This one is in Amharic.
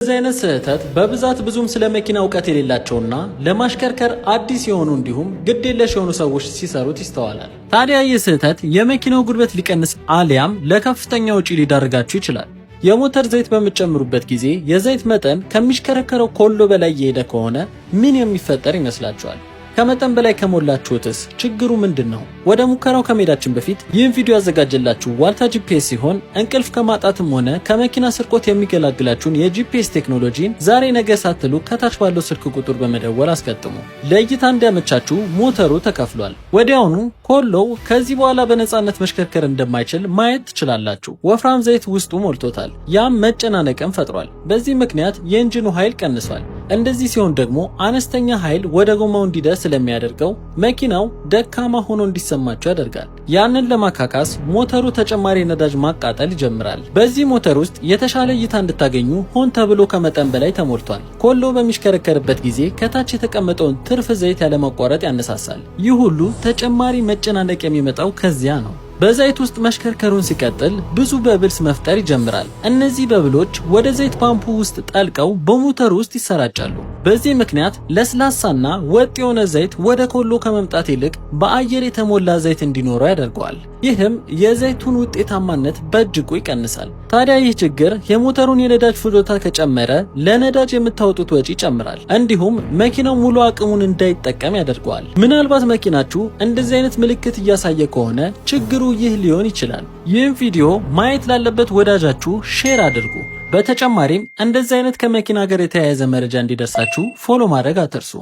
በዚህ አይነት ስህተት በብዛት ብዙም ስለ መኪና እውቀት የሌላቸውና ለማሽከርከር አዲስ የሆኑ እንዲሁም ግድ የለሽ የሆኑ ሰዎች ሲሰሩት ይስተዋላል። ታዲያ ይህ ስህተት የመኪናው ጉልበት ሊቀንስ አሊያም ለከፍተኛ ውጪ ሊዳርጋችሁ ይችላል። የሞተር ዘይት በምትጨምሩበት ጊዜ የዘይት መጠን ከሚሽከረከረው ኮሎ በላይ የሄደ ከሆነ ምን የሚፈጠር ይመስላችኋል? ከመጠን በላይ ከሞላችሁትስ ችግሩ ምንድን ነው? ወደ ሙከራው ከመሄዳችን በፊት ይህን ቪዲዮ ያዘጋጀላችሁ ዋልታ ጂፒኤስ ሲሆን እንቅልፍ ከማጣትም ሆነ ከመኪና ስርቆት የሚገላግላችሁን የጂፒኤስ ቴክኖሎጂን ዛሬ ነገ ሳትሉ ከታች ባለው ስልክ ቁጥር በመደወል አስገጥሙ። ለእይታ እንዲያመቻችሁ ሞተሩ ተከፍሏል። ወዲያውኑ ኮሎው ከዚህ በኋላ በነፃነት መሽከርከር እንደማይችል ማየት ትችላላችሁ። ወፍራም ዘይት ውስጡ ሞልቶታል። ያም መጨናነቅን ፈጥሯል። በዚህ ምክንያት የእንጂኑ ኃይል ቀንሷል። እንደዚህ ሲሆን ደግሞ አነስተኛ ኃይል ወደ ጎማው እንዲደርስ ስለሚያደርገው መኪናው ደካማ ሆኖ እንዲሰማቸው ያደርጋል። ያንን ለማካካስ ሞተሩ ተጨማሪ ነዳጅ ማቃጠል ይጀምራል። በዚህ ሞተር ውስጥ የተሻለ እይታ እንድታገኙ ሆን ተብሎ ከመጠን በላይ ተሞልቷል። ኮሎ በሚሽከረከርበት ጊዜ ከታች የተቀመጠውን ትርፍ ዘይት ያለማቋረጥ ያነሳሳል። ይህ ሁሉ ተጨማሪ መጨናነቅ የሚመጣው ከዚያ ነው። በዘይት ውስጥ መሽከርከሩን ሲቀጥል ብዙ በብልስ መፍጠር ይጀምራል። እነዚህ በብሎች ወደ ዘይት ፓምፑ ውስጥ ጠልቀው በሞተር ውስጥ ይሰራጫሉ። በዚህ ምክንያት ለስላሳና ወጥ የሆነ ዘይት ወደ ኮሎ ከመምጣት ይልቅ በአየር የተሞላ ዘይት እንዲኖረው ያደርገዋል። ይህም የዘይቱን ውጤታማነት በእጅጉ ይቀንሳል። ታዲያ ይህ ችግር የሞተሩን የነዳጅ ፍጆታ ከጨመረ ለነዳጅ የምታወጡት ወጪ ይጨምራል። እንዲሁም መኪናው ሙሉ አቅሙን እንዳይጠቀም ያደርገዋል። ምናልባት መኪናችሁ እንደዚህ አይነት ምልክት እያሳየ ከሆነ ችግሩ ይህ ሊሆን ይችላል። ይህም ቪዲዮ ማየት ላለበት ወዳጃችሁ ሼር አድርጉ። በተጨማሪም እንደዚህ አይነት ከመኪና ጋር የተያያዘ መረጃ እንዲደርሳችሁ ፎሎ ማድረግ አትርሱ።